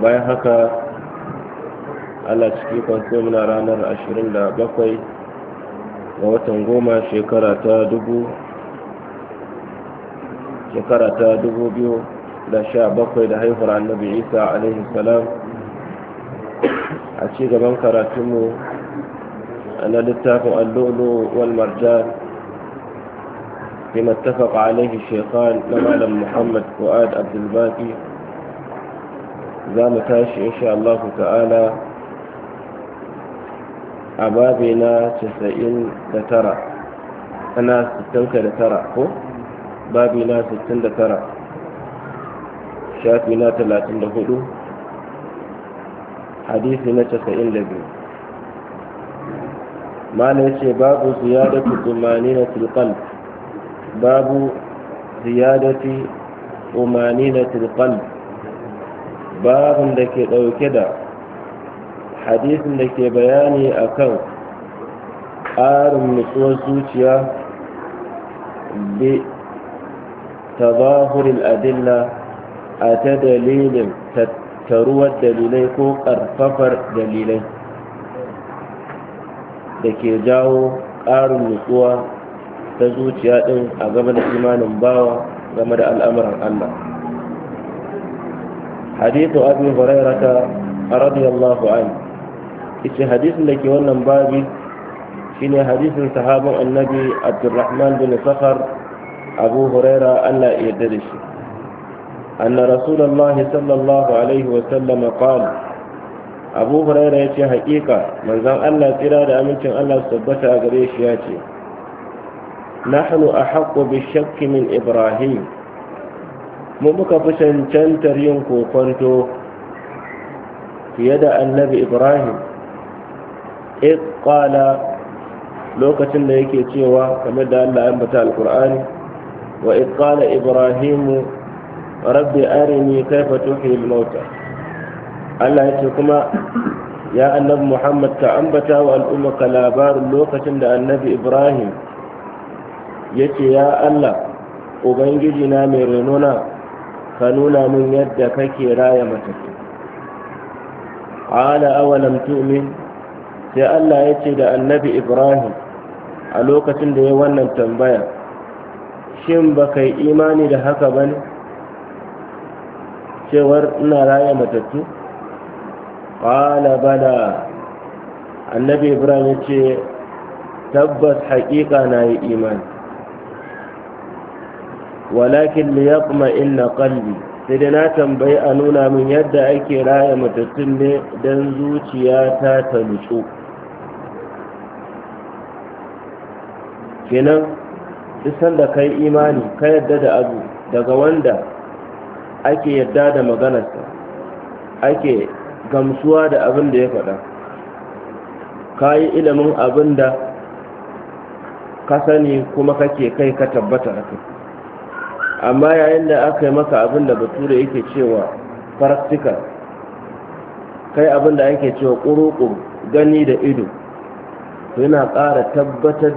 bayan haka ala ciki kwanci muna ranar 27 ga watan goma shekara ta dubu shekara ta dubu biyu da sha bakwai da haihuwar annabi isa alaihi salam a ci gaban karatunmu na littafin allolo wal marjan فيما اتفق عليه الشيخان na malam muhammad فؤاد abdulbaki. za mu tashi insha Allah ta'ala a babi na 99 ana 69 ko babi na 69 shafi na 34 hadisi na 92 mana ce babu ziyadatu na qalb babu ziyadati na qalb babin da ke ɗauke da hadisin da ke bayani akan ƙarin nutsuwar zuciya bi tazahurin adilla a ta dalilin tattaruwar dalilai ko ƙarfafar dalilai da ke jawo ƙarin nutsuwa ta zuciya ɗin a game da imanin bawa game da al'amuran Allah. hadithu abi hurairata radiyallahu anhu ita hadisin da ke wannan babi shine hadisin sahabin annabi abdurrahman bin sakhar abu huraira Allah ya yarda da shi sallallahu alaihi wa sallam qala abu huraira ya ce haƙiƙa manzan Allah tsira da amincin Allah su tabbata a gare shi ya ce nahnu ahqqu bi min ibrahim mu muka fi cancantar yin kokonto fiye da annabi ibrahim iqala lokacin da yake cewa kamar da Allah ya ambata alqur'ani wa iqala ibrahimu rabbi arini kaifa tuhyi al mota Allah ya ce kuma ya annabi Muhammad ka ambata wa al'umma ka labarin lokacin da annabi Ibrahim ya ce ya Allah ubangiji na mai renona ka nuna min yadda kake raya matattu ala awalam tu'min sai Allah ya ce da annabi Ibrahim a lokacin da ya wannan tambaya shin ba kai imani da haka ba ne cewar ina raya matattu ƙwala bala annabi ibrahim ya ce tabbas haƙiƙa na yi imani walakin kuma inna qalbi sai da na tambayi a nuna min yadda ake raya matattun ne don zuciya ta ta nutsu kenan duk da kai imani ka yadda da abu daga wanda ake yadda da maganarsa ake gamsuwa da abin da ya faɗa ka yi ilimin abin da ka sani kuma kake kai ka tabbata a kai amma yayin da aka yi maka abin da bature yake cewa practical kai abin da ake cewa ƙuruƙu, gani da ido yana ƙara tabbatar